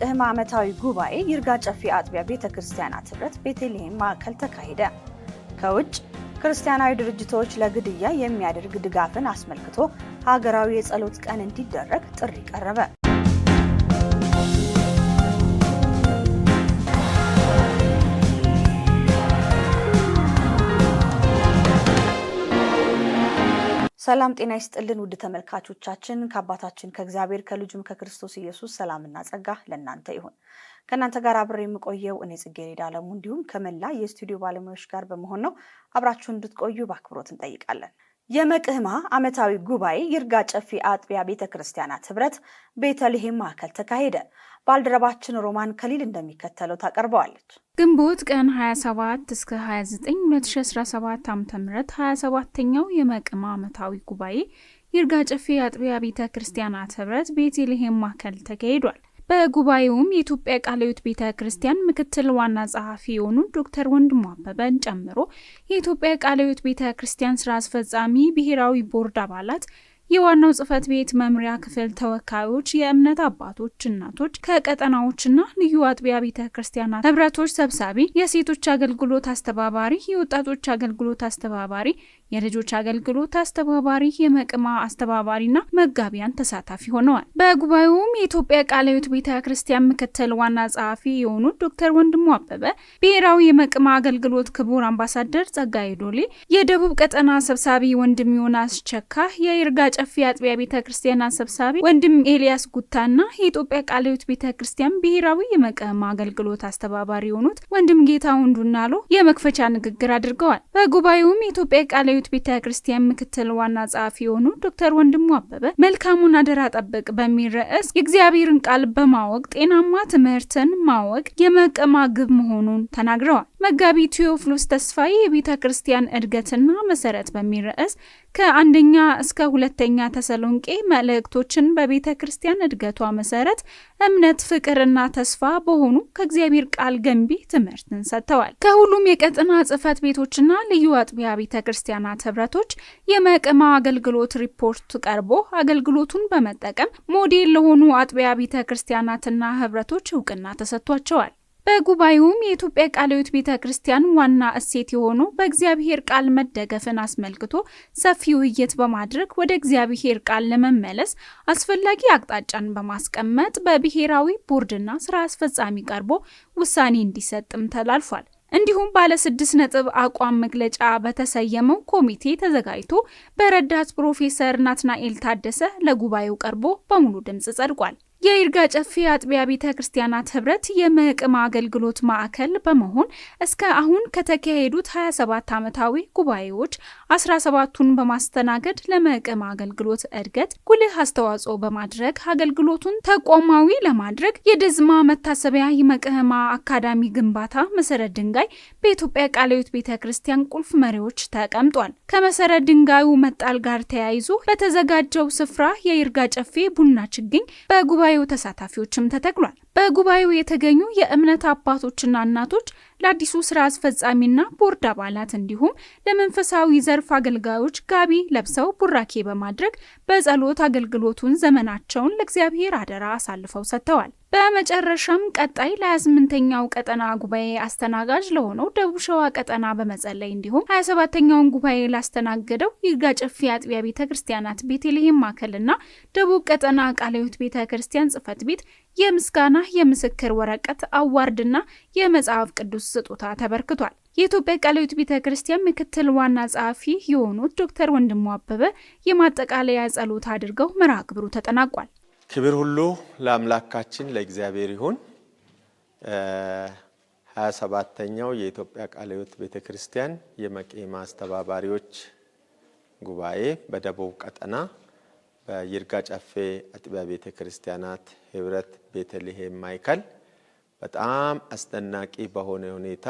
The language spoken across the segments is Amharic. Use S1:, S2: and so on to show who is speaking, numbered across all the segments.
S1: የቅህማ ዓመታዊ ጉባኤ ይርጋ ጨፌ አጥቢያ ቤተ ክርስቲያናት ኅብረት ቤተልሔም ማዕከል ተካሄደ። ከውጭ ክርስቲያናዊ ድርጅቶች ለግድያ የሚያደርግ ድጋፍን አስመልክቶ ሀገራዊ የጸሎት ቀን እንዲደረግ ጥሪ ቀረበ። ሰላም ጤና ይስጥልን ውድ ተመልካቾቻችን፣ ከአባታችን ከእግዚአብሔር ከልጁም ከክርስቶስ ኢየሱስ ሰላምና ጸጋ ለእናንተ ይሁን። ከእናንተ ጋር አብሬ የምቆየው እኔ ጽጌረዳ አለሙ እንዲሁም ከመላ የስቱዲዮ ባለሙያዎች ጋር በመሆን ነው። አብራችሁ እንድትቆዩ በአክብሮት እንጠይቃለን። የመቅህማ ዓመታዊ ጉባኤ ይርጋ ጨፊ አጥቢያ ቤተ ክርስቲያናት ህብረት ቤተልሔም ማዕከል ተካሄደ። ባልደረባችን ሮማን ከሊል እንደሚከተለው ታቀርበዋለች። ግንቦት ቀን 27 እስከ 29 2017 ዓ.ም 27ኛው የመቅህማ ዓመታዊ ጉባኤ ይርጋ ጨፌ አጥቢያ ቤተ ክርስቲያናት ህብረት ቤተልሔም ማዕከል ተካሂዷል። በጉባኤውም የኢትዮጵያ ቃለ ሕይወት ቤተ ክርስቲያን ምክትል ዋና ጸሐፊ የሆኑ ዶክተር ወንድሙ አበበን ጨምሮ የኢትዮጵያ ቃለ ሕይወት ቤተ ክርስቲያን ስራ አስፈጻሚ ብሔራዊ ቦርድ አባላት የዋናው ጽህፈት ቤት መምሪያ ክፍል ተወካዮች፣ የእምነት አባቶች፣ እናቶች ከቀጠናዎችና ልዩ አጥቢያ ቤተ ክርስቲያናት ህብረቶች ሰብሳቢ፣ የሴቶች አገልግሎት አስተባባሪ፣ የወጣቶች አገልግሎት አስተባባሪ የልጆች አገልግሎት አስተባባሪ፣ የመቅማ አስተባባሪና መጋቢያን ተሳታፊ ሆነዋል። በጉባኤውም የኢትዮጵያ ቃለ ሕይወት ቤተ ክርስቲያን ምክትል ዋና ጸሐፊ የሆኑት ዶክተር ወንድሙ አበበ፣ ብሔራዊ የመቅማ አገልግሎት ክቡር አምባሳደር ጸጋዬ ዶሌ፣ የደቡብ ቀጠና ሰብሳቢ ወንድም ዮናስ ቸካ፣ የይርጋ ጨፌ አጥቢያ ቤተ ክርስቲያን ሰብሳቢ ወንድም ኤልያስ ጉታና የኢትዮጵያ ቃለ ሕይወት ቤተ ክርስቲያን ብሔራዊ የመቅማ አገልግሎት አስተባባሪ የሆኑት ወንድም ጌታ ወንዱናሎ የመክፈቻ ንግግር አድርገዋል። በጉባኤውም የኢትዮጵያ ቃለ የጥንታዊት ቤተ ክርስቲያን ምክትል ዋና ጸሐፊ የሆኑ ዶክተር ወንድሙ አበበ መልካሙን አደራ ጠብቅ በሚል ርዕስ የእግዚአብሔርን ቃል በማወቅ ጤናማ ትምህርትን ማወቅ የመቅማ ግብ መሆኑን ተናግረዋል። መጋቢ ቴዎፍሎስ ተስፋዬ የቤተ ክርስቲያን እድገትና መሰረት በሚል ርዕስ ከአንደኛ እስከ ሁለተኛ ተሰሎንቄ መልእክቶችን በቤተ ክርስቲያን እድገቷ መሰረት እምነት፣ ፍቅርና ተስፋ በሆኑ ከእግዚአብሔር ቃል ገንቢ ትምህርትን ሰጥተዋል። ከሁሉም የቀጥና ጽህፈት ቤቶችና ልዩ አጥቢያ ቤተ ክርስቲያናት ህብረቶች የመቅማ አገልግሎት ሪፖርት ቀርቦ አገልግሎቱን በመጠቀም ሞዴል ለሆኑ አጥቢያ ቤተ ክርስቲያናትና ህብረቶች እውቅና ተሰጥቷቸዋል። በጉባኤውም የኢትዮጵያ ቃለ ሕይወት ቤተ ክርስቲያን ዋና እሴት የሆኑ በእግዚአብሔር ቃል መደገፍን አስመልክቶ ሰፊ ውይይት በማድረግ ወደ እግዚአብሔር ቃል ለመመለስ አስፈላጊ አቅጣጫን በማስቀመጥ በብሔራዊ ቦርድና ስራ አስፈጻሚ ቀርቦ ውሳኔ እንዲሰጥም ተላልፏል። እንዲሁም ባለ ስድስት ነጥብ አቋም መግለጫ በተሰየመው ኮሚቴ ተዘጋጅቶ በረዳት ፕሮፌሰር ናትናኤል ታደሰ ለጉባኤው ቀርቦ በሙሉ ድምፅ ጸድቋል። የይርጋ ጨፌ አጥቢያ ቤተ ክርስቲያናት ህብረት የመቅም አገልግሎት ማዕከል በመሆን እስከ አሁን ከተካሄዱት 27 ዓመታዊ ጉባኤዎች 17ቱን በማስተናገድ ለመቅም አገልግሎት እድገት ጉልህ አስተዋጽኦ በማድረግ አገልግሎቱን ተቋማዊ ለማድረግ የደዝማ መታሰቢያ የመቅህማ አካዳሚ ግንባታ መሰረት ድንጋይ በኢትዮጵያ ቃላዊት ቤተ ክርስቲያን ቁልፍ መሪዎች ተቀምጧል። ከመሰረት ድንጋዩ መጣል ጋር ተያይዞ በተዘጋጀው ስፍራ የይርጋ ጨፌ ቡና ችግኝ በጉባ ጉባኤው ተሳታፊዎችም ተተክሏል። በጉባኤው የተገኙ የእምነት አባቶችና እናቶች ለአዲሱ ስራ አስፈጻሚና ቦርድ አባላት እንዲሁም ለመንፈሳዊ ዘርፍ አገልጋዮች ጋቢ ለብሰው ቡራኬ በማድረግ በጸሎት አገልግሎቱን ዘመናቸውን ለእግዚአብሔር አደራ አሳልፈው ሰጥተዋል። በመጨረሻም ቀጣይ ለ28ኛው ቀጠና ጉባኤ አስተናጋጅ ለሆነው ደቡብ ሸዋ ቀጠና በመጸለይ እንዲሁም 27ኛውን ጉባኤ ላስተናገደው ይርጋ ጨፌ አጥቢያ ቤተ ክርስቲያናት ቤተልሔም ማዕከልና ደቡብ ቀጠና ቃለ ሕይወት ቤተ ክርስቲያን ጽሕፈት ቤት የምስጋና የምስክር ወረቀት አዋርድና የመጽሐፍ ቅዱስ ስጦታ ተበርክቷል። የኢትዮጵያ ቃላዊት ቤተ ክርስቲያን ምክትል ዋና ጸሐፊ የሆኑት ዶክተር ወንድሙ አበበ የማጠቃለያ ጸሎት አድርገው መርሃ ግብሩ ተጠናቋል።
S2: ክብር ሁሉ ለአምላካችን ለእግዚአብሔር ይሁን። ሀያ ሰባተኛው የኢትዮጵያ ቃላዊት ቤተ ክርስቲያን የመቄማ አስተባባሪዎች ጉባኤ በደቡብ ቀጠና በይርጋ ጨፌ አጥቢያ ቤተ ክርስቲያናት ህብረት ቤተልሔም ማዕከል በጣም አስደናቂ በሆነ ሁኔታ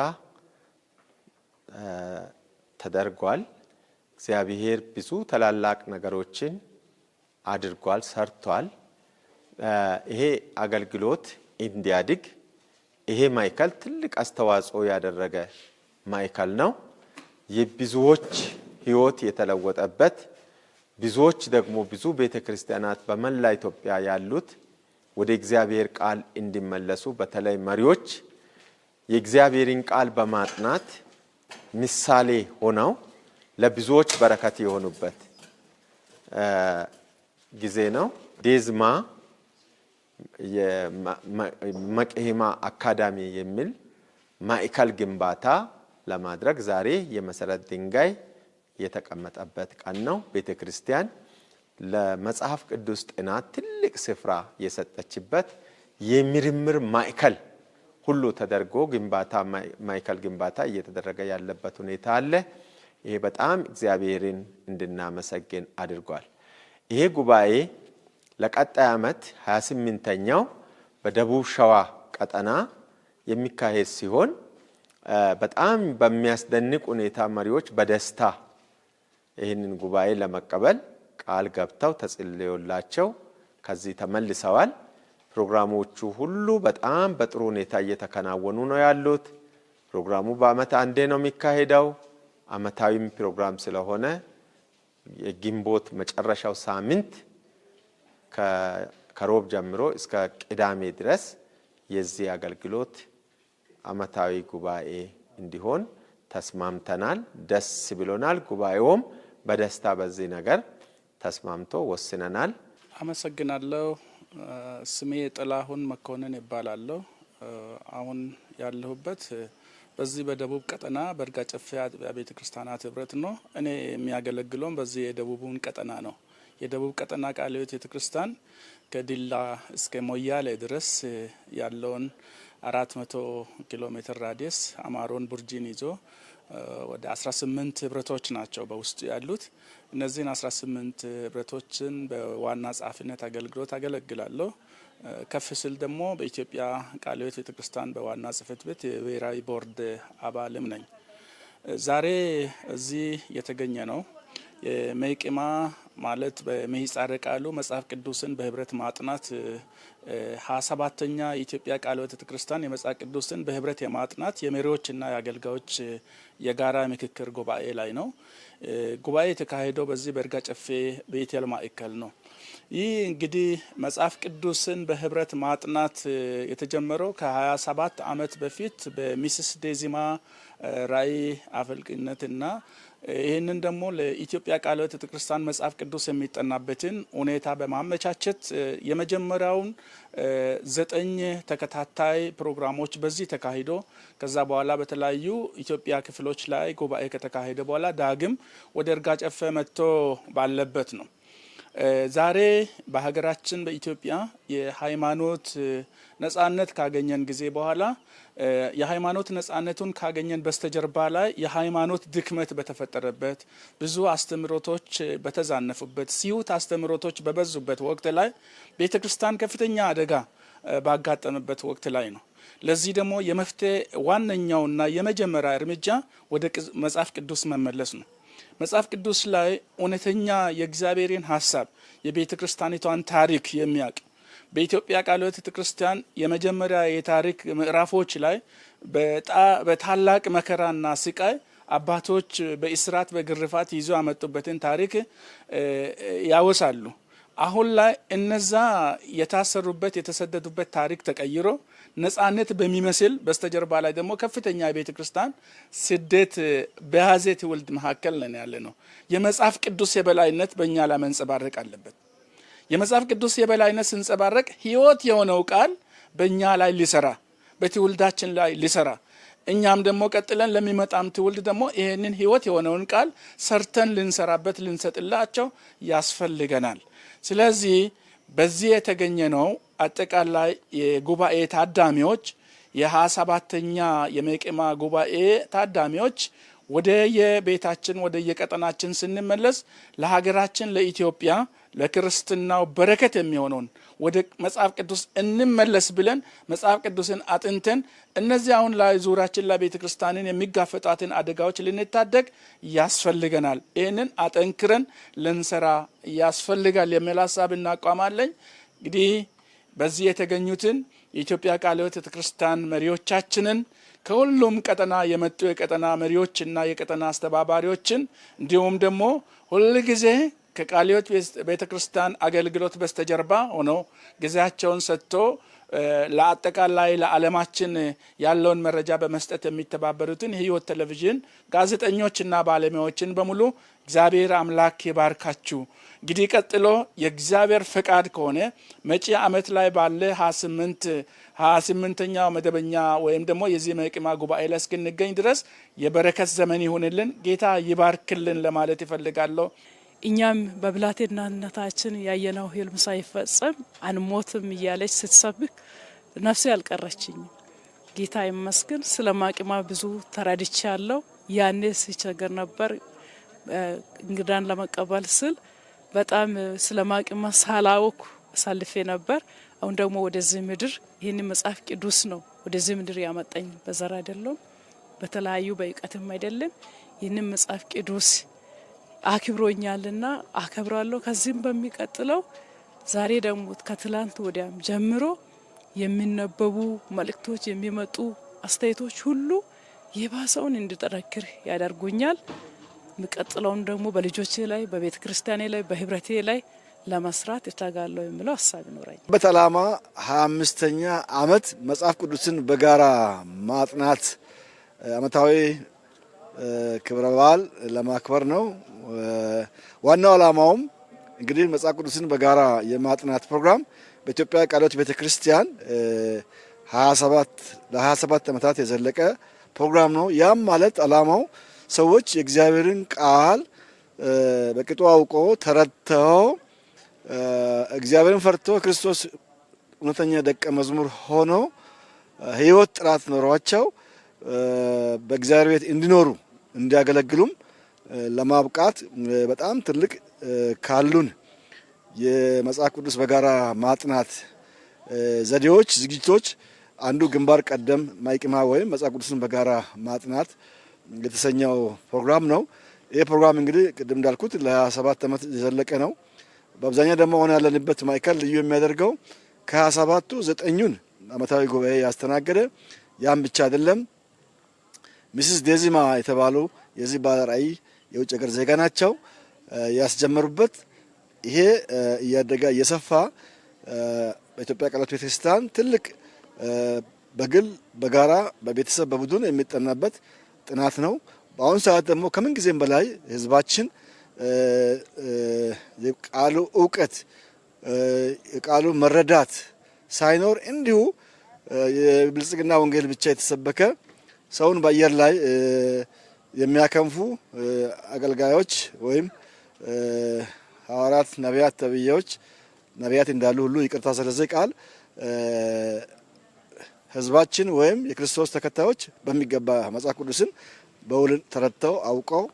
S2: ተደርጓል። እግዚአብሔር ብዙ ታላላቅ ነገሮችን አድርጓል፣ ሰርቷል። ይሄ አገልግሎት እንዲያድግ ይሄ ማዕከል ትልቅ አስተዋጽኦ ያደረገ ማዕከል ነው። የብዙዎች ህይወት የተለወጠበት ብዙዎች ደግሞ ብዙ ቤተ ክርስቲያናት በመላ ኢትዮጵያ ያሉት ወደ እግዚአብሔር ቃል እንዲመለሱ በተለይ መሪዎች የእግዚአብሔርን ቃል በማጥናት ምሳሌ ሆነው ለብዙዎች በረከት የሆኑበት ጊዜ ነው። ዴዝማ መቅሂማ አካዳሚ የሚል ማዕከል ግንባታ ለማድረግ ዛሬ የመሰረት ድንጋይ የተቀመጠበት ቀን ነው። ቤተ ክርስቲያን ለመጽሐፍ ቅዱስ ጥናት ትልቅ ስፍራ የሰጠችበት የምርምር ማዕከል ሁሉ ተደርጎ ግንባታ ማዕከል ግንባታ እየተደረገ ያለበት ሁኔታ አለ። ይሄ በጣም እግዚአብሔርን እንድናመሰግን አድርጓል። ይሄ ጉባኤ ለቀጣይ ዓመት 28ኛው በደቡብ ሸዋ ቀጠና የሚካሄድ ሲሆን በጣም በሚያስደንቅ ሁኔታ መሪዎች በደስታ ይህንን ጉባኤ ለመቀበል ቃል ገብተው ተጽልዮላቸው ከዚህ ተመልሰዋል። ፕሮግራሞቹ ሁሉ በጣም በጥሩ ሁኔታ እየተከናወኑ ነው ያሉት። ፕሮግራሙ በዓመት አንዴ ነው የሚካሄደው። ዓመታዊም ፕሮግራም ስለሆነ የግንቦት መጨረሻው ሳምንት ከሮብ ጀምሮ እስከ ቅዳሜ ድረስ የዚህ አገልግሎት ዓመታዊ ጉባኤ እንዲሆን ተስማምተናል። ደስ ብሎናል። ጉባኤውም በደስታ በዚህ ነገር ተስማምቶ ወስነናል።
S3: አመሰግናለሁ። ስሜ ጥላሁን መኮንን ይባላለሁ። አሁን ያለሁበት በዚህ በደቡብ ቀጠና በእርጋ ጨፌ አጥቢያ ቤተ ክርስቲያናት ህብረት ነው። እኔ የሚያገለግለውም በዚህ የደቡቡን ቀጠና ነው። የደቡብ ቀጠና ቃለ ሕይወት ቤተ ክርስቲያን ከዲላ እስከ ሞያሌ ድረስ ያለውን አራት መቶ ኪሎ ሜትር ራዲየስ አማሮን ቡርጂን ይዞ ወደ 18 ህብረቶች ናቸው በውስጡ ያሉት። እነዚህን 18 ህብረቶችን በዋና ጸሐፊነት አገልግሎት አገለግላለሁ። ከፍ ስል ደግሞ በኢትዮጵያ ቃለ ሕይወት ቤተክርስቲያን በዋና ጽህፈት ቤት የብሔራዊ ቦርድ አባልም ነኝ። ዛሬ እዚህ የተገኘ ነው መቂማ ማለት በምህጻረ ቃሉ መጽሐፍ ቅዱስን በህብረት ማጥናት ሀያ ሰባተኛ የኢትዮጵያ ቃለ ሕይወት ቤተክርስቲያን የመጽሐፍ ቅዱስን በህብረት የማጥናት የመሪዎችና የአገልጋዮች የጋራ ምክክር ጉባኤ ላይ ነው። ጉባኤ የተካሄደው በዚህ በእርጋ ጨፌ በኢቴል ማዕከል ነው። ይህ እንግዲህ መጽሐፍ ቅዱስን በህብረት ማጥናት የተጀመረው ከ27 ዓመት በፊት በሚስስ ዴዚማ ራእይ አፈልቅነትና ይህንን ደግሞ ለኢትዮጵያ ቃለ ሕይወት ቤተክርስቲያን መጽሐፍ ቅዱስ የሚጠናበትን ሁኔታ በማመቻቸት የመጀመሪያውን ዘጠኝ ተከታታይ ፕሮግራሞች በዚህ ተካሂዶ ከዛ በኋላ በተለያዩ ኢትዮጵያ ክፍሎች ላይ ጉባኤ ከተካሄደ በኋላ ዳግም ወደ እርጋ ጨፌ መጥቶ ባለበት ነው። ዛሬ በሀገራችን በኢትዮጵያ የሃይማኖት ነጻነት ካገኘን ጊዜ በኋላ የሃይማኖት ነጻነቱን ካገኘን በስተጀርባ ላይ የሃይማኖት ድክመት በተፈጠረበት ብዙ አስተምሮቶች በተዛነፉበት ሲዩት አስተምሮቶች በበዙበት ወቅት ላይ ቤተ ክርስቲያን ከፍተኛ አደጋ ባጋጠመበት ወቅት ላይ ነው። ለዚህ ደግሞ የመፍትሄ ዋነኛውና የመጀመሪያ እርምጃ ወደ መጽሐፍ ቅዱስ መመለስ ነው። መጽሐፍ ቅዱስ ላይ እውነተኛ የእግዚአብሔርን ሀሳብ የቤተ ክርስቲያኒቷን ታሪክ የሚያውቅ በኢትዮጵያ ቃለ ሕይወት ክርስቲያን የመጀመሪያ የታሪክ ምዕራፎች ላይ በታላቅ መከራና ስቃይ አባቶች በእስራት በግርፋት ይዞ ያመጡበትን ታሪክ ያወሳሉ። አሁን ላይ እነዛ የታሰሩበት የተሰደዱበት ታሪክ ተቀይሮ ነጻነት በሚመስል በስተጀርባ ላይ ደግሞ ከፍተኛ የቤተ ክርስቲያን ስደት በያዘ ትውልድ መካከል ነን ያለ ነው። የመጽሐፍ ቅዱስ የበላይነት በእኛ ላይ መንጸባረቅ አለበት። የመጽሐፍ ቅዱስ የበላይነት ስንጸባረቅ ህይወት የሆነው ቃል በእኛ ላይ ሊሰራ፣ በትውልዳችን ላይ ሊሰራ እኛም ደግሞ ቀጥለን ለሚመጣም ትውልድ ደግሞ ይህንን ህይወት የሆነውን ቃል ሰርተን ልንሰራበት ልንሰጥላቸው ያስፈልገናል። ስለዚህ በዚህ የተገኘ ነው አጠቃላይ የጉባኤ ታዳሚዎች የሀያ ሰባተኛ የመቄማ ጉባኤ ታዳሚዎች ወደ የቤታችን ወደ የቀጠናችን ስንመለስ ለሀገራችን ለኢትዮጵያ ለክርስትናው በረከት የሚሆነውን ወደ መጽሐፍ ቅዱስ እንመለስ ብለን መጽሐፍ ቅዱስን አጥንተን እነዚህ አሁን ላይ ዙሪያችን ላይ ቤተ ክርስቲያንን የሚጋፈጣትን አደጋዎች ልንታደግ ያስፈልገናል። ይህንን አጠንክረን ልንሰራ ያስፈልጋል የሚል ሀሳብ እናቋማለኝ እንግዲህ በዚህ የተገኙትን የኢትዮጵያ ቃለ ሕይወት ቤተክርስቲያን መሪዎቻችንን ከሁሉም ቀጠና የመጡ የቀጠና መሪዎችና የቀጠና አስተባባሪዎችን እንዲሁም ደግሞ ሁልጊዜ ከቃለ ሕይወት ቤተክርስቲያን አገልግሎት በስተጀርባ ሆኖ ጊዜያቸውን ሰጥቶ ለአጠቃላይ ለዓለማችን ያለውን መረጃ በመስጠት የሚተባበሩትን የህይወት ቴሌቪዥን ጋዜጠኞችና ባለሙያዎችን በሙሉ እግዚአብሔር አምላክ ይባርካችሁ። እንግዲህ ቀጥሎ የእግዚአብሔር ፈቃድ ከሆነ መጪ ዓመት ላይ ባለ ሀያ ስምንት ሀያ መደበኛ ወይም ደግሞ የዚህ መቅማ ጉባኤ ላይ እስክንገኝ ድረስ የበረከት ዘመን ይሁንልን። ጌታ ይባርክልን ለማለት ይፈልጋለሁ።
S4: እኛም በብላቴናነታችን ያየነው ህልም ሳይፈጸም አንሞትም እያለች ስትሰብክ ነፍሴ ያልቀረችኝ ጌታ ይመስገን። ስለ ማቂማ ብዙ ተረድቻለሁ። ያኔ ሲቸገር ነበር። እንግዳን ለመቀበል ስል በጣም ስለ ማቂማ ሳላወኩ አሳልፌ ነበር። አሁን ደግሞ ወደዚህ ምድር ይህን መጽሐፍ ቅዱስ ነው ወደዚህ ምድር ያመጣኝ። በዘር አይደለም፣ በተለያዩ በእውቀትም አይደለም። ይህንን መጽሐፍ ቅዱስ አክብሮኛልና አከብራለሁ። ከዚህም በሚቀጥለው ዛሬ ደግሞ ከትላንት ወዲያም ጀምሮ የሚነበቡ መልእክቶች፣ የሚመጡ አስተያየቶች ሁሉ የባሰውን እንድጠረክር ያደርጉኛል። የሚቀጥለውን ደግሞ በልጆቼ ላይ፣ በቤተ ክርስቲያኔ ላይ፣ በህብረቴ ላይ ለመስራት እተጋለሁ የሚለው ሀሳብ ይኖረኝ
S5: በተላማ ዓላማ ሀያ አምስተኛ ዓመት መጽሐፍ ቅዱስን በጋራ ማጥናት አመታዊ ክብረ በዓል ለማክበር ነው። ዋናው ዓላማውም እንግዲህ መጽሐፍ ቅዱስን በጋራ የማጥናት ፕሮግራም በኢትዮጵያ ቃለ ሕይወት ቤተ ክርስቲያን ለ27 ዓመታት የዘለቀ ፕሮግራም ነው። ያም ማለት ዓላማው ሰዎች የእግዚአብሔርን ቃል በቅጡ አውቆ ተረድተው እግዚአብሔርን ፈርቶ ክርስቶስ እውነተኛ ደቀ መዝሙር ሆኖ ሕይወት ጥራት ኖሯቸው በእግዚአብሔር ቤት እንዲኖሩ እንዲያገለግሉም ለማብቃት በጣም ትልቅ ካሉን የመጽሐፍ ቅዱስ በጋራ ማጥናት ዘዴዎች፣ ዝግጅቶች አንዱ ግንባር ቀደም ማይቅማ ወይም መጽሐፍ ቅዱስን በጋራ ማጥናት የተሰኘው ፕሮግራም ነው። ይህ ፕሮግራም እንግዲህ ቅድም እንዳልኩት ለ27 ዓመት የዘለቀ ነው። በአብዛኛው ደግሞ አሁን ያለንበት ማዕከል ልዩ የሚያደርገው ከ 27 ዘጠኙን ዓመታዊ ጉባኤ ያስተናገደ ያም ብቻ አይደለም። ሚስስ ዴዚማ የተባሉ የዚህ ባለራእይ የውጭ ሀገር ዜጋ ናቸው ያስጀመሩበት። ይሄ እያደገ እየሰፋ በኢትዮጵያ ቃልኪዳን ቤተክርስቲያን ትልቅ በግል በጋራ በቤተሰብ በቡድን የሚጠናበት ጥናት ነው። በአሁኑ ሰዓት ደግሞ ከምን ጊዜም በላይ ህዝባችን የቃሉ እውቀት የቃሉ መረዳት ሳይኖር እንዲሁ የብልጽግና ወንጌል ብቻ የተሰበከ ሰውን በአየር ላይ የሚያከንፉ አገልጋዮች ወይም ሐዋርያት፣ ነቢያት ተብዬዎች ነቢያት እንዳሉ ሁሉ ይቅርታ። ስለዚህ ቃል ህዝባችን ወይም የክርስቶስ ተከታዮች በሚገባ መጽሐፍ ቅዱስን በውል ተረድተው አውቀው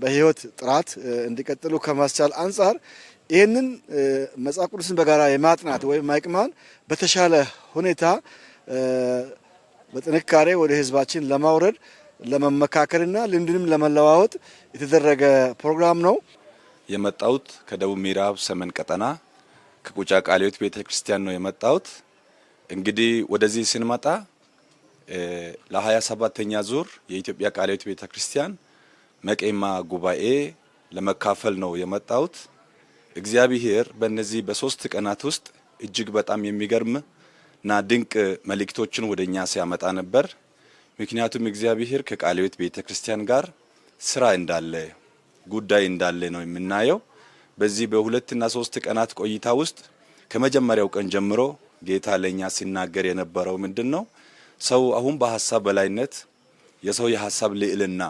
S5: በህይወት ጥራት እንዲቀጥሉ ከማስቻል አንጻር ይህንን መጽሐፍ ቅዱስን በጋራ የማጥናት ወይም ማይቅማን በተሻለ ሁኔታ በጥንካሬ ወደ ህዝባችን ለማውረድ ለመመካከልና ልምድንም ለመለዋወጥ የተደረገ ፕሮግራም ነው።
S6: የመጣሁት ከደቡብ ምዕራብ ሰሜን ቀጠና ከቁጫ ቃሊዮት ቤተ ክርስቲያን ነው የመጣሁት። እንግዲህ ወደዚህ ስንመጣ ለሀያ ሰባተኛ ዙር የኢትዮጵያ ቃሊዮት ቤተ ክርስቲያን መቄማ ጉባኤ ለመካፈል ነው የመጣሁት። እግዚአብሔር በእነዚህ በሶስት ቀናት ውስጥ እጅግ በጣም የሚገርም እና ድንቅ መልእክቶችን ወደ እኛ ሲያመጣ ነበር። ምክንያቱም እግዚአብሔር ከቃለ ሕይወት ቤተ ክርስቲያን ጋር ስራ እንዳለ ጉዳይ እንዳለ ነው የምናየው። በዚህ በሁለትና ሶስት ቀናት ቆይታ ውስጥ ከመጀመሪያው ቀን ጀምሮ ጌታ ለእኛ ሲናገር የነበረው ምንድን ነው? ሰው አሁን በሀሳብ በላይነት የሰው የሀሳብ ልዕልና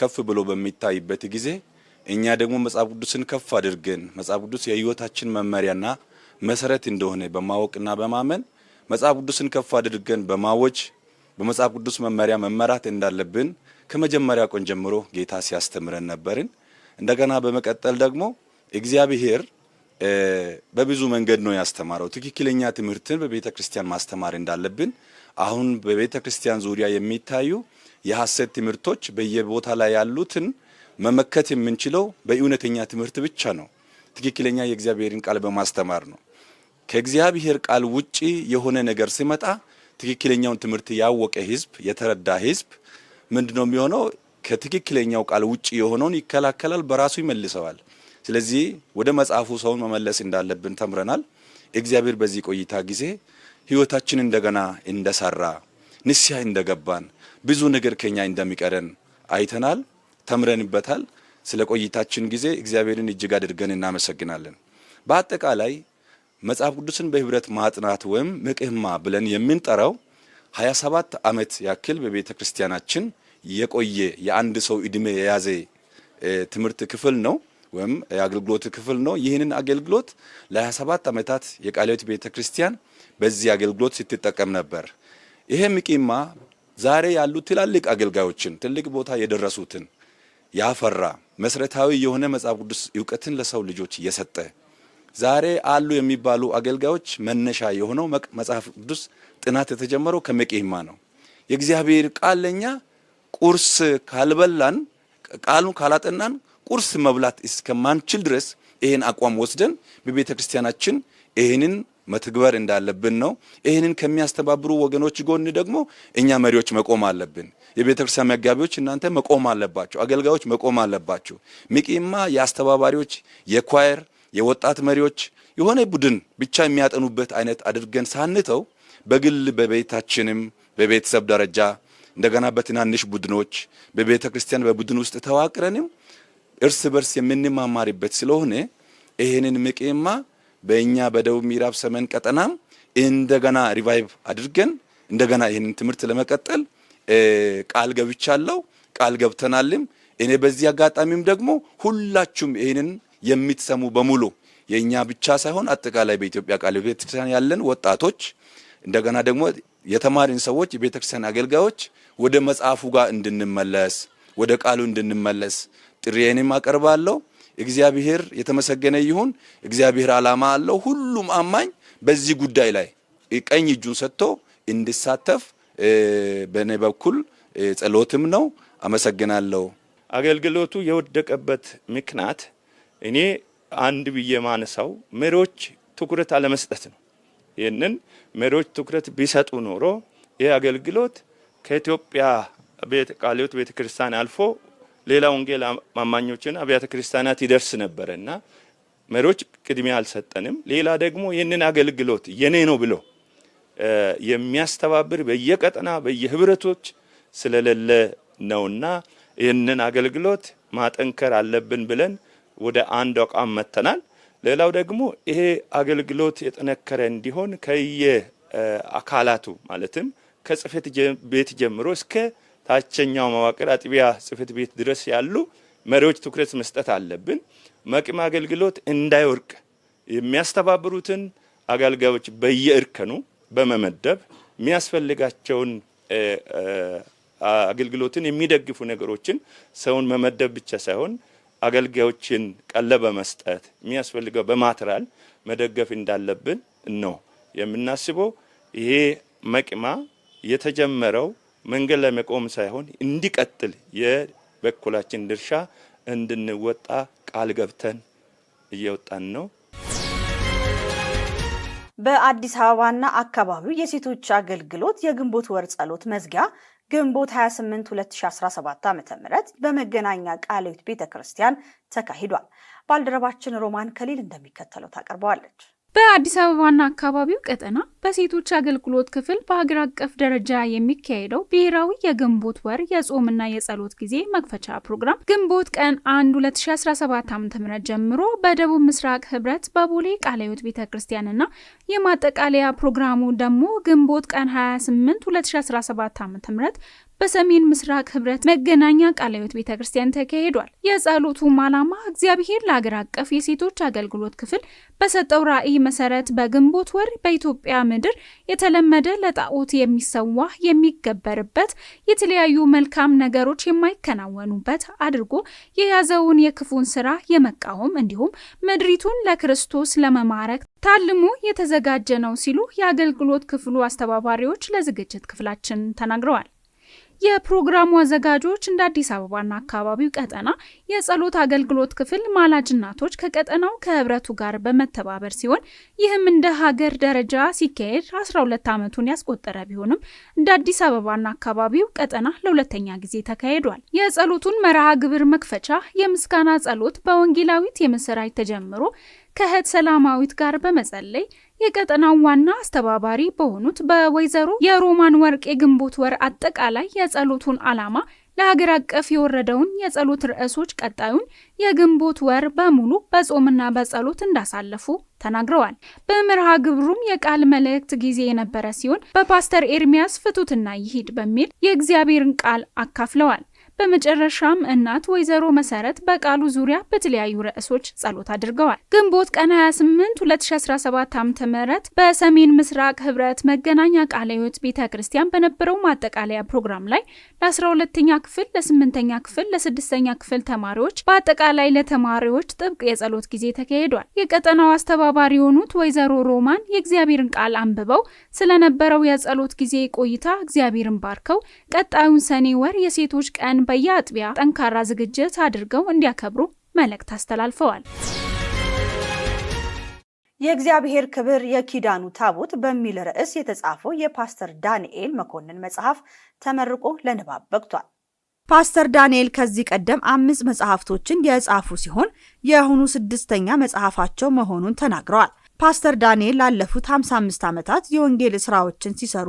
S6: ከፍ ብሎ በሚታይበት ጊዜ እኛ ደግሞ መጽሐፍ ቅዱስን ከፍ አድርገን መጽሐፍ ቅዱስ የህይወታችን መመሪያና መሰረት እንደሆነ በማወቅና በማመን መጽሐፍ ቅዱስን ከፍ አድርገን በማወጅ በመጽሐፍ ቅዱስ መመሪያ መመራት እንዳለብን ከመጀመሪያ ቀን ጀምሮ ጌታ ሲያስተምረን ነበርን። እንደገና በመቀጠል ደግሞ እግዚአብሔር በብዙ መንገድ ነው ያስተማረው። ትክክለኛ ትምህርትን በቤተ ክርስቲያን ማስተማር እንዳለብን አሁን በቤተ ክርስቲያን ዙሪያ የሚታዩ የሐሰት ትምህርቶች በየቦታ ላይ ያሉትን መመከት የምንችለው በእውነተኛ ትምህርት ብቻ ነው። ትክክለኛ የእግዚአብሔርን ቃል በማስተማር ነው። ከእግዚአብሔር ቃል ውጪ የሆነ ነገር ሲመጣ ትክክለኛውን ትምህርት ያወቀ ህዝብ፣ የተረዳ ህዝብ ምንድነው የሚሆነው? ከትክክለኛው ቃል ውጪ የሆነውን ይከላከላል፣ በራሱ ይመልሰዋል። ስለዚህ ወደ መጽሐፉ ሰውን መመለስ እንዳለብን ተምረናል። እግዚአብሔር በዚህ ቆይታ ጊዜ ህይወታችን እንደገና እንደሰራ ንስያ እንደገባን ብዙ ነገር ከኛ እንደሚቀረን አይተናል፣ ተምረንበታል። ስለ ቆይታችን ጊዜ እግዚአብሔርን እጅግ አድርገን እናመሰግናለን። በአጠቃላይ መጽሐፍ ቅዱስን በህብረት ማጥናት ወይም ምቅህማ ብለን የምንጠራው 27 ዓመት ያክል በቤተ ክርስቲያናችን የቆየ የአንድ ሰው እድሜ የያዘ ትምህርት ክፍል ነው ወይም የአገልግሎት ክፍል ነው። ይህንን አገልግሎት ለ27 ዓመታት የቃለ ሕይወት ቤተ ክርስቲያን በዚህ አገልግሎት ስትጠቀም ነበር። ይሄ ምቅማ ዛሬ ያሉ ትላልቅ አገልጋዮችን ትልቅ ቦታ የደረሱትን ያፈራ መሰረታዊ የሆነ መጽሐፍ ቅዱስ እውቀትን ለሰው ልጆች እየሰጠ። ዛሬ አሉ የሚባሉ አገልጋዮች መነሻ የሆነው መጽሐፍ ቅዱስ ጥናት የተጀመረው ከመቄማ ነው። የእግዚአብሔር ቃል ለኛ ቁርስ ካልበላን ቃሉን ካላጠናን ቁርስ መብላት እስከማንችል ድረስ ይህን አቋም ወስደን በቤተ ክርስቲያናችን ይህንን መትግበር እንዳለብን ነው። ይህንን ከሚያስተባብሩ ወገኖች ጎን ደግሞ እኛ መሪዎች መቆም አለብን። የቤተ ክርስቲያን መጋቢዎች እናንተ መቆም አለባቸው። አገልጋዮች መቆም አለባቸው ሚቂማ የአስተባባሪዎች የኳየር የወጣት መሪዎች የሆነ ቡድን ብቻ የሚያጠኑበት አይነት አድርገን ሳንተው በግል በቤታችንም በቤተሰብ ደረጃ እንደገና በትናንሽ ቡድኖች በቤተ ክርስቲያን በቡድን ውስጥ ተዋቅረንም እርስ በርስ የምንማማርበት ስለሆነ ይህንን ምቄማ በእኛ በደቡብ ምዕራብ ሰሜን ቀጠና እንደገና ሪቫይቭ አድርገን እንደገና ይህንን ትምህርት ለመቀጠል ቃል ገብቻለሁ። ቃል ገብተናልም። እኔ በዚህ አጋጣሚም ደግሞ ሁላችሁም ይህንን የምትሰሙ በሙሉ የእኛ ብቻ ሳይሆን አጠቃላይ በኢትዮጵያ ቃለ ቤተክርስቲያን ያለን ወጣቶች እንደገና ደግሞ የተማሪን ሰዎች የቤተክርስቲያን አገልጋዮች ወደ መጽሐፉ ጋር እንድንመለስ ወደ ቃሉ እንድንመለስ ጥሪዬንም አቀርባለሁ። እግዚአብሔር የተመሰገነ ይሁን። እግዚአብሔር ዓላማ አለው። ሁሉም አማኝ በዚህ ጉዳይ ላይ ቀኝ እጁን ሰጥቶ እንድሳተፍ በእኔ በኩል ጸሎትም ነው። አመሰግናለሁ።
S7: አገልግሎቱ የወደቀበት ምክንያት እኔ አንድ ብዬ ማነሳው መሪዎች ትኩረት አለመስጠት ነው። ይህንን መሪዎች ትኩረት ቢሰጡ ኖሮ ይህ አገልግሎት ከኢትዮጵያ ቃልዮት ቤተ ክርስቲያን አልፎ ሌላ ወንጌል አማኞችን አብያተ ክርስቲያናት ይደርስ ነበረ እና መሪዎች ቅድሚያ አልሰጠንም። ሌላ ደግሞ ይህንን አገልግሎት የኔ ነው ብሎ የሚያስተባብር በየቀጠና በየህብረቶች ስለሌለ ነውና ይህንን አገልግሎት ማጠንከር አለብን ብለን ወደ አንድ አቋም መጥተናል። ሌላው ደግሞ ይሄ አገልግሎት የጠነከረ እንዲሆን ከየ አካላቱ ማለትም ከጽህፈት ቤት ጀምሮ እስከ ታችኛው መዋቅር አጥቢያ ጽህፈት ቤት ድረስ ያሉ መሪዎች ትኩረት መስጠት አለብን። መቅም አገልግሎት እንዳይወርቅ የሚያስተባብሩትን አገልጋዮች በየእርከኑ በመመደብ የሚያስፈልጋቸውን አገልግሎትን የሚደግፉ ነገሮችን ሰውን መመደብ ብቻ ሳይሆን አገልጋዮችን ቀለ በመስጠት የሚያስፈልገው በማትራል መደገፍ እንዳለብን ነው የምናስበው። ይሄ መቅማ የተጀመረው መንገድ ላይ መቆም ሳይሆን እንዲቀጥል የበኩላችን ድርሻ እንድንወጣ ቃል ገብተን እየወጣን ነው።
S1: በአዲስ አበባና አካባቢው የሴቶች አገልግሎት የግንቦት ወር ጸሎት መዝጊያ ግንቦት 28 2017 ዓ ም በመገናኛ ቃለ ሕይወት ቤተ ክርስቲያን ተካሂዷል። ባልደረባችን ሮማን ከሊል እንደሚከተለው ታቀርበዋለች። በአዲስ አበባና አካባቢው ቀጠና በሴቶች አገልግሎት ክፍል በሀገር አቀፍ ደረጃ የሚካሄደው ብሔራዊ የግንቦት ወር የጾምና የጸሎት ጊዜ መክፈቻ ፕሮግራም ግንቦት ቀን 1 2017 ዓ.ም ጀምሮ በደቡብ ምስራቅ ህብረት በቦሌ ቃለ ሕይወት ቤተ ክርስቲያንና የማጠቃለያ ፕሮግራሙ ደግሞ ግንቦት ቀን 28 2017 ዓ.ም በሰሜን ምስራቅ ህብረት መገናኛ ቃለ ሕይወት ቤተ ክርስቲያን ተካሂዷል። የጸሎቱም ዓላማ እግዚአብሔር ለአገር አቀፍ የሴቶች አገልግሎት ክፍል በሰጠው ራዕይ መሰረት በግንቦት ወር በኢትዮጵያ ምድር የተለመደ ለጣዖት የሚሰዋ የሚገበርበት፣ የተለያዩ መልካም ነገሮች የማይከናወኑበት አድርጎ የያዘውን የክፉን ስራ የመቃወም እንዲሁም ምድሪቱን ለክርስቶስ ለመማረክ ታልሞ የተዘጋጀ ነው ሲሉ የአገልግሎት ክፍሉ አስተባባሪዎች ለዝግጅት ክፍላችን ተናግረዋል። የፕሮግራሙ አዘጋጆች እንደ አዲስ አበባና አካባቢው ቀጠና የጸሎት አገልግሎት ክፍል ማላጅ እናቶች ከቀጠናው ከህብረቱ ጋር በመተባበር ሲሆን ይህም እንደ ሀገር ደረጃ ሲካሄድ 12 ዓመቱን ያስቆጠረ ቢሆንም እንደ አዲስ አበባና አካባቢው ቀጠና ለሁለተኛ ጊዜ ተካሂዷል። የጸሎቱን መርሃ ግብር መክፈቻ የምስጋና ጸሎት በወንጌላዊት የምስራች ተጀምሮ ከእህት ሰላማዊት ጋር በመጸለይ የቀጠናው ዋና አስተባባሪ በሆኑት በወይዘሮ የሮማን ወርቅ የግንቦት ወር አጠቃላይ የጸሎቱን ዓላማ ለሀገር አቀፍ የወረደውን የጸሎት ርዕሶች ቀጣዩን የግንቦት ወር በሙሉ በጾምና በጸሎት እንዳሳለፉ ተናግረዋል። በመርሃ ግብሩም የቃል መልእክት ጊዜ የነበረ ሲሆን በፓስተር ኤርሚያስ ፍቱትና ይሂድ በሚል የእግዚአብሔርን ቃል አካፍለዋል። በመጨረሻም እናት ወይዘሮ መሰረት በቃሉ ዙሪያ በተለያዩ ርዕሶች ጸሎት አድርገዋል። ግንቦት ቀን 28 2017 ዓ.ም በሰሜን ምስራቅ ህብረት መገናኛ ቃለ ሕይወት ቤተ ክርስቲያን በነበረው ማጠቃለያ ፕሮግራም ላይ ለ12ኛ ክፍል፣ ለ8ኛ ክፍል፣ ለ6ኛ ክፍል ተማሪዎች በአጠቃላይ ለተማሪዎች ጥብቅ የጸሎት ጊዜ ተካሂዷል። የቀጠናው አስተባባሪ የሆኑት ወይዘሮ ሮማን የእግዚአብሔርን ቃል አንብበው ስለነበረው የጸሎት ጊዜ ቆይታ እግዚአብሔርን ባርከው ቀጣዩን ሰኔ ወር የሴቶች ቀን በየአጥቢያ ጠንካራ ዝግጅት አድርገው እንዲያከብሩ መልእክት አስተላልፈዋል። የእግዚአብሔር ክብር የኪዳኑ ታቦት በሚል ርዕስ የተጻፈው የፓስተር ዳንኤል መኮንን መጽሐፍ ተመርቆ ለንባብ በቅቷል። ፓስተር ዳንኤል ከዚህ ቀደም አምስት መጽሐፍቶችን የጻፉ ሲሆን የአሁኑ ስድስተኛ መጽሐፋቸው መሆኑን ተናግረዋል። ፓስተር ዳንኤል ላለፉት 55 ዓመታት የወንጌል ስራዎችን ሲሰሩ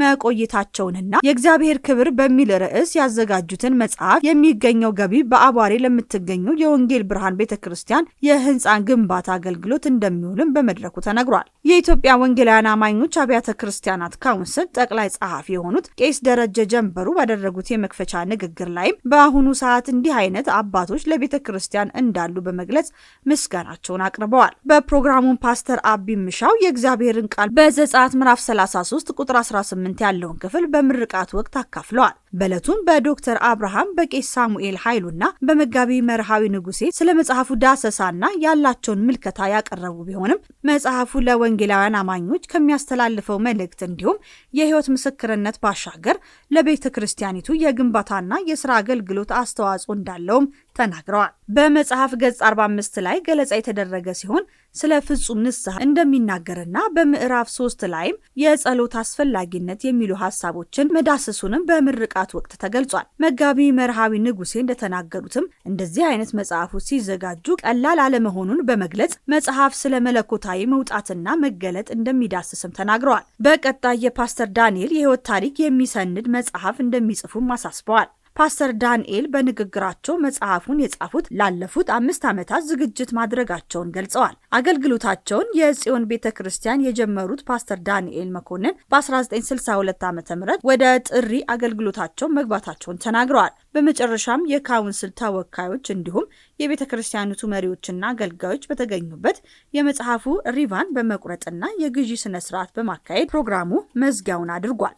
S1: መቆየታቸውንና የእግዚአብሔር ክብር በሚል ርዕስ ያዘጋጁትን መጽሐፍ የሚገኘው ገቢ በአቧሬ ለምትገኘው የወንጌል ብርሃን ቤተ ክርስቲያን የህንፃ ግንባታ አገልግሎት እንደሚውልም በመድረኩ ተነግሯል። የኢትዮጵያ ወንጌላውያን አማኞች አብያተ ክርስቲያናት ካውንስል ጠቅላይ ጸሐፊ የሆኑት ቄስ ደረጀ ጀንበሩ ባደረጉት የመክፈቻ ንግግር ላይም በአሁኑ ሰዓት እንዲህ አይነት አባቶች ለቤተ ክርስቲያን እንዳሉ በመግለጽ ምስጋናቸውን አቅርበዋል። በፕሮግራሙን ፓስተር ፓስተር አቢ ምሻው የእግዚአብሔርን ቃል በዘጸአት ምዕራፍ 33 ቁጥር 18 ያለውን ክፍል በምርቃት ወቅት አካፍለዋል። በዕለቱም በዶክተር አብርሃም በቄስ ሳሙኤል ኃይሉና በመጋቢ መርሃዊ ንጉሴ ስለ መጽሐፉ ዳሰሳና ያላቸውን ምልከታ ያቀረቡ ቢሆንም መጽሐፉ ለወንጌላውያን አማኞች ከሚያስተላልፈው መልእክት እንዲሁም የሕይወት ምስክርነት ባሻገር ለቤተ ክርስቲያኒቱ የግንባታና የስራ አገልግሎት አስተዋጽኦ እንዳለውም ተናግረዋል። በመጽሐፍ ገጽ 45 ላይ ገለጻ የተደረገ ሲሆን ስለ ፍጹም ንስሐ እንደሚናገርና በምዕራፍ 3 ላይም የጸሎት አስፈላጊነት የሚሉ ሀሳቦችን መዳሰሱንም በምርቃት ወቅት ተገልጿል። መጋቢ መርሃዊ ንጉሴ እንደተናገሩትም እንደዚህ አይነት መጽሐፎች ሲዘጋጁ ቀላል አለመሆኑን በመግለጽ መጽሐፍ ስለ መለኮታዊ መውጣትና መገለጥ እንደሚዳስስም ተናግረዋል። በቀጣይ የፓስተር ዳንኤል የህይወት ታሪክ የሚሰንድ መጽሐፍ እንደሚጽፉም አሳስበዋል። ፓስተር ዳንኤል በንግግራቸው መጽሐፉን የጻፉት ላለፉት አምስት ዓመታት ዝግጅት ማድረጋቸውን ገልጸዋል። አገልግሎታቸውን የጽዮን ቤተ ክርስቲያን የጀመሩት ፓስተር ዳንኤል መኮንን በ1962 ዓ ም ወደ ጥሪ አገልግሎታቸው መግባታቸውን ተናግረዋል። በመጨረሻም የካውንስል ተወካዮች እንዲሁም የቤተ ክርስቲያኒቱ መሪዎችና አገልጋዮች በተገኙበት የመጽሐፉ ሪቫን በመቁረጥና የግዢ ስነ ስርዓት በማካሄድ ፕሮግራሙ መዝጊያውን አድርጓል።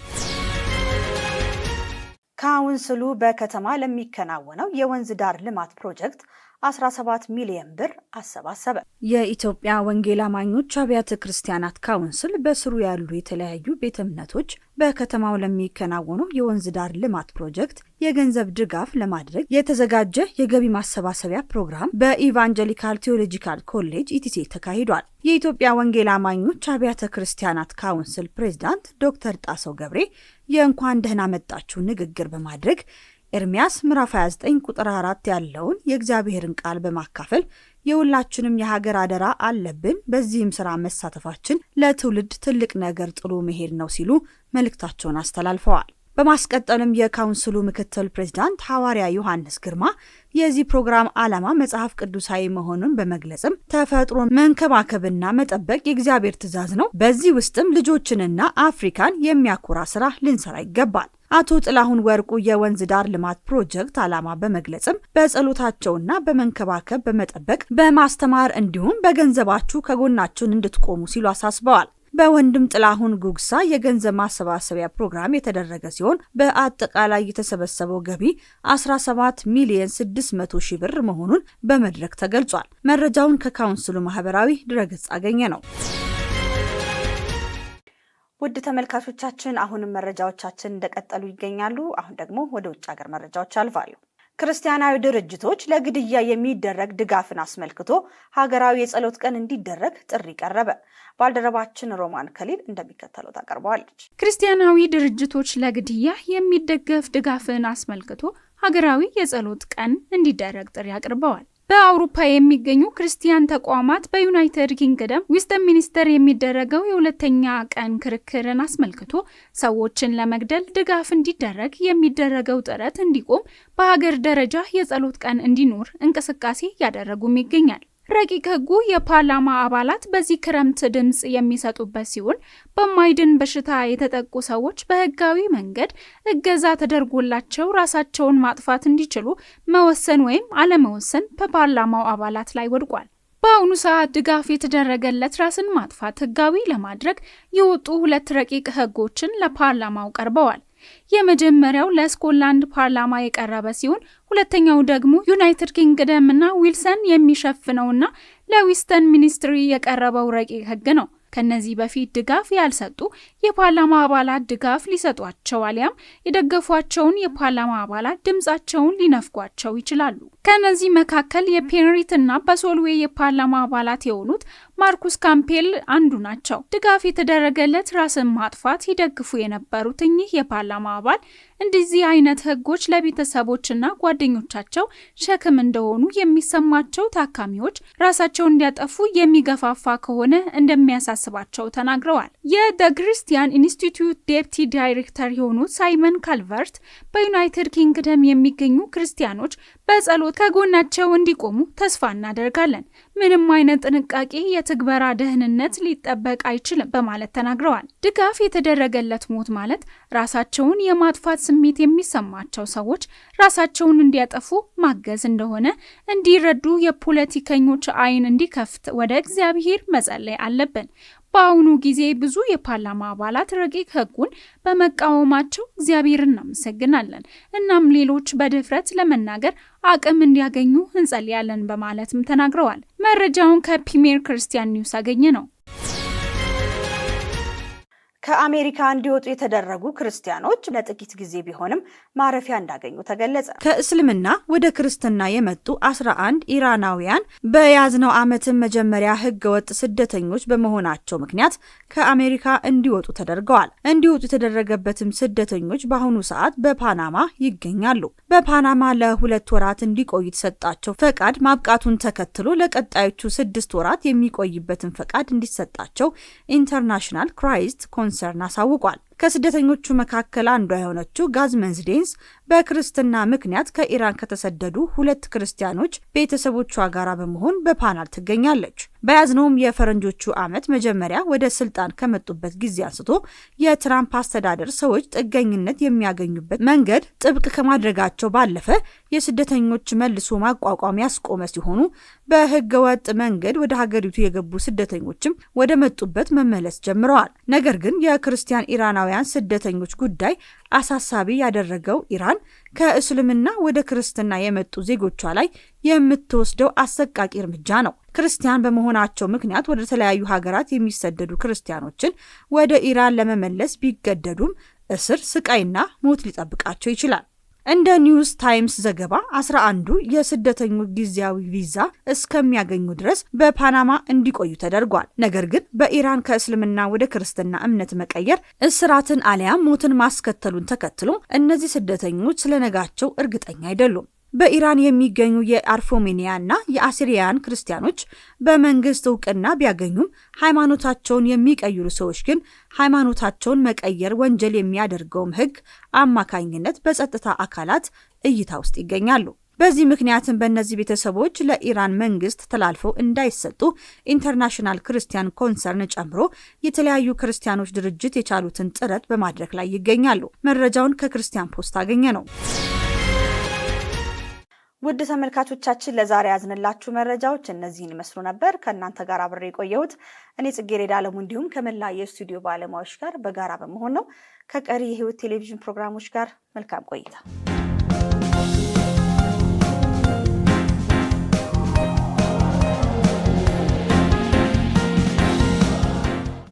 S1: ካውንስሉ በከተማ ለሚከናወነው የወንዝ ዳር ልማት ፕሮጀክት 17 ሚሊዮን ብር አሰባሰበ። የኢትዮጵያ ወንጌል አማኞች አብያተ ክርስቲያናት ካውንስል በስሩ ያሉ የተለያዩ ቤተ እምነቶች በከተማው ለሚከናወኑ የወንዝ ዳር ልማት ፕሮጀክት የገንዘብ ድጋፍ ለማድረግ የተዘጋጀ የገቢ ማሰባሰቢያ ፕሮግራም በኢቫንጀሊካል ቴዎሎጂካል ኮሌጅ ኢቲሴ ተካሂዷል። የኢትዮጵያ ወንጌል አማኞች አብያተ ክርስቲያናት ካውንስል ፕሬዝዳንት ዶክተር ጣሰው ገብሬ የእንኳን ደህና መጣችሁ ንግግር በማድረግ ኤርሚያስ ምዕራፍ 29 ቁጥር 4 ያለውን የእግዚአብሔርን ቃል በማካፈል የሁላችንም የሀገር አደራ አለብን፣ በዚህም ስራ መሳተፋችን ለትውልድ ትልቅ ነገር ጥሩ መሄድ ነው ሲሉ መልእክታቸውን አስተላልፈዋል። በማስቀጠልም የካውንስሉ ምክትል ፕሬዚዳንት ሐዋርያ ዮሐንስ ግርማ የዚህ ፕሮግራም ዓላማ መጽሐፍ ቅዱሳዊ መሆኑን በመግለጽም ተፈጥሮ መንከባከብና መጠበቅ የእግዚአብሔር ትእዛዝ ነው። በዚህ ውስጥም ልጆችንና አፍሪካን የሚያኮራ ስራ ልንሰራ ይገባል። አቶ ጥላሁን ወርቁ የወንዝ ዳር ልማት ፕሮጀክት ዓላማ በመግለጽም በጸሎታቸውና በመንከባከብ በመጠበቅ በማስተማር እንዲሁም በገንዘባችሁ ከጎናችሁን እንድትቆሙ ሲሉ አሳስበዋል። በወንድም ጥላሁን ጉግሳ የገንዘብ ማሰባሰቢያ ፕሮግራም የተደረገ ሲሆን በአጠቃላይ የተሰበሰበው ገቢ 17 ሚሊዮን 600 ሺህ ብር መሆኑን በመድረክ ተገልጿል። መረጃውን ከካውንስሉ ማህበራዊ ድረገጽ አገኘ ነው። ውድ ተመልካቾቻችን አሁንም መረጃዎቻችን እንደቀጠሉ ይገኛሉ። አሁን ደግሞ ወደ ውጭ ሀገር መረጃዎች አልፋሉ። ክርስቲያናዊ ድርጅቶች ለግድያ የሚደረግ ድጋፍን አስመልክቶ ሀገራዊ የጸሎት ቀን እንዲደረግ ጥሪ ቀረበ። ባልደረባችን ሮማን ከሊል እንደሚከተለው ታቀርበዋለች። ክርስቲያናዊ ድርጅቶች ለግድያ የሚደገፍ ድጋፍን አስመልክቶ ሀገራዊ የጸሎት ቀን እንዲደረግ ጥሪ አቅርበዋል። በአውሮፓ የሚገኙ ክርስቲያን ተቋማት በዩናይትድ ኪንግደም ዊስተን ሚኒስተር የሚደረገው የሁለተኛ ቀን ክርክርን አስመልክቶ ሰዎችን ለመግደል ድጋፍ እንዲደረግ የሚደረገው ጥረት እንዲቆም በሀገር ደረጃ የጸሎት ቀን እንዲኖር እንቅስቃሴ እያደረጉም ይገኛል። ረቂቅ ሕጉ የፓርላማ አባላት በዚህ ክረምት ድምፅ የሚሰጡበት ሲሆን በማይድን በሽታ የተጠቁ ሰዎች በሕጋዊ መንገድ እገዛ ተደርጎላቸው ራሳቸውን ማጥፋት እንዲችሉ መወሰን ወይም አለመወሰን በፓርላማው አባላት ላይ ወድቋል። በአሁኑ ሰዓት ድጋፍ የተደረገለት ራስን ማጥፋት ህጋዊ ለማድረግ የወጡ ሁለት ረቂቅ ሕጎችን ለፓርላማው ቀርበዋል። የመጀመሪያው ለስኮትላንድ ፓርላማ የቀረበ ሲሆን ሁለተኛው ደግሞ ዩናይትድ ኪንግደም እና ዊልሰን የሚሸፍነውና ለዊስተን ሚኒስትሪ የቀረበው ረቂቅ ህግ ነው። ከነዚህ በፊት ድጋፍ ያልሰጡ የፓርላማ አባላት ድጋፍ ሊሰጧቸው አሊያም የደገፏቸውን የፓርላማ አባላት ድምፃቸውን ሊነፍጓቸው ይችላሉ። ከነዚህ መካከል የፔንሪት እና በሶልዌ የፓርላማ አባላት የሆኑት ማርኩስ ካምፔል አንዱ ናቸው። ድጋፍ የተደረገለት ራስን ማጥፋት ይደግፉ የነበሩት እኚህ የፓርላማ አባል እንደዚህ አይነት ህጎች ለቤተሰቦችና ጓደኞቻቸው ሸክም እንደሆኑ የሚሰማቸው ታካሚዎች ራሳቸውን እንዲያጠፉ የሚገፋፋ ከሆነ እንደሚያሳስባቸው ተናግረዋል። የደ ክርስቲያን ኢንስቲትዩት ዴፕቲ ዳይሬክተር የሆኑት ሳይመን ካልቨርት በዩናይትድ ኪንግደም የሚገኙ ክርስቲያኖች በጸሎት ከጎናቸው እንዲቆሙ ተስፋ እናደርጋለን። ምንም አይነት ጥንቃቄ የትግበራ ደህንነት ሊጠበቅ አይችልም በማለት ተናግረዋል። ድጋፍ የተደረገለት ሞት ማለት ራሳቸውን የማጥፋት ስሜት የሚሰማቸው ሰዎች ራሳቸውን እንዲያጠፉ ማገዝ እንደሆነ እንዲረዱ የፖለቲከኞች አይን እንዲከፍት ወደ እግዚአብሔር መጸለይ አለብን። በአሁኑ ጊዜ ብዙ የፓርላማ አባላት ረቂቅ ህጉን በመቃወማቸው እግዚአብሔር እናመሰግናለን። እናም ሌሎች በድፍረት ለመናገር አቅም እንዲያገኙ እንጸልያለን በማለትም ተናግረዋል። መረጃውን ከፕሪሚየር ክርስቲያን ኒውስ አገኘ ነው። ከአሜሪካ እንዲወጡ የተደረጉ ክርስቲያኖች ለጥቂት ጊዜ ቢሆንም ማረፊያ እንዳገኙ ተገለጸ። ከእስልምና ወደ ክርስትና የመጡ 11 ኢራናውያን በያዝነው ዓመትን መጀመሪያ ህገወጥ ስደተኞች በመሆናቸው ምክንያት ከአሜሪካ እንዲወጡ ተደርገዋል። እንዲወጡ የተደረገበትም ስደተኞች በአሁኑ ሰዓት በፓናማ ይገኛሉ። በፓናማ ለሁለት ወራት እንዲቆዩ የተሰጣቸው ፈቃድ ማብቃቱን ተከትሎ ለቀጣዮቹ ስድስት ወራት የሚቆይበትን ፈቃድ እንዲሰጣቸው ኢንተርናሽናል ክራይስት ኮን ካንሰርን አሳውቋል። ከስደተኞቹ መካከል አንዷ የሆነችው ጋዝ በክርስትና ምክንያት ከኢራን ከተሰደዱ ሁለት ክርስቲያኖች ቤተሰቦቿ ጋር በመሆን በፓናል ትገኛለች። በያዝነውም የፈረንጆቹ ዓመት መጀመሪያ ወደ ስልጣን ከመጡበት ጊዜ አንስቶ የትራምፕ አስተዳደር ሰዎች ጥገኝነት የሚያገኙበት መንገድ ጥብቅ ከማድረጋቸው ባለፈ የስደተኞች መልሶ ማቋቋም ያስቆመ ሲሆኑ በህገ ወጥ መንገድ ወደ ሀገሪቱ የገቡ ስደተኞችም ወደ መጡበት መመለስ ጀምረዋል። ነገር ግን የክርስቲያን ኢራናውያን ስደተኞች ጉዳይ አሳሳቢ ያደረገው ኢራን ከእስልምና ወደ ክርስትና የመጡ ዜጎቿ ላይ የምትወስደው አሰቃቂ እርምጃ ነው። ክርስቲያን በመሆናቸው ምክንያት ወደ ተለያዩ ሀገራት የሚሰደዱ ክርስቲያኖችን ወደ ኢራን ለመመለስ ቢገደዱም እስር፣ ስቃይና ሞት ሊጠብቃቸው ይችላል። እንደ ኒውስ ታይምስ ዘገባ አስራ አንዱ የስደተኞች ጊዜያዊ ቪዛ እስከሚያገኙ ድረስ በፓናማ እንዲቆዩ ተደርጓል። ነገር ግን በኢራን ከእስልምና ወደ ክርስትና እምነት መቀየር እስራትን አሊያም ሞትን ማስከተሉን ተከትሎ እነዚህ ስደተኞች ስለነጋቸው እርግጠኛ አይደሉም። በኢራን የሚገኙ የአርፎሜኒያና የአሲሪያን ክርስቲያኖች በመንግስት እውቅና ቢያገኙም ሃይማኖታቸውን የሚቀይሩ ሰዎች ግን ሃይማኖታቸውን መቀየር ወንጀል የሚያደርገውም ህግ አማካኝነት በጸጥታ አካላት እይታ ውስጥ ይገኛሉ። በዚህ ምክንያትም በእነዚህ ቤተሰቦች ለኢራን መንግስት ተላልፈው እንዳይሰጡ ኢንተርናሽናል ክርስቲያን ኮንሰርን ጨምሮ የተለያዩ ክርስቲያኖች ድርጅት የቻሉትን ጥረት በማድረግ ላይ ይገኛሉ። መረጃውን ከክርስቲያን ፖስት አገኘ ነው። ውድ ተመልካቾቻችን ለዛሬ ያዝንላችሁ መረጃዎች እነዚህን ይመስሉ ነበር። ከእናንተ ጋር አብሬ የቆየሁት እኔ ጽጌረዳ አለሙ እንዲሁም ከመላ የስቱዲዮ ባለሙያዎች ጋር በጋራ በመሆን ነው። ከቀሪ የህይወት ቴሌቪዥን ፕሮግራሞች ጋር መልካም ቆይታ